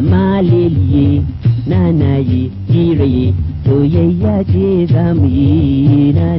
Namaliliye, nanayi, direyi, toyaya, jezamiyi,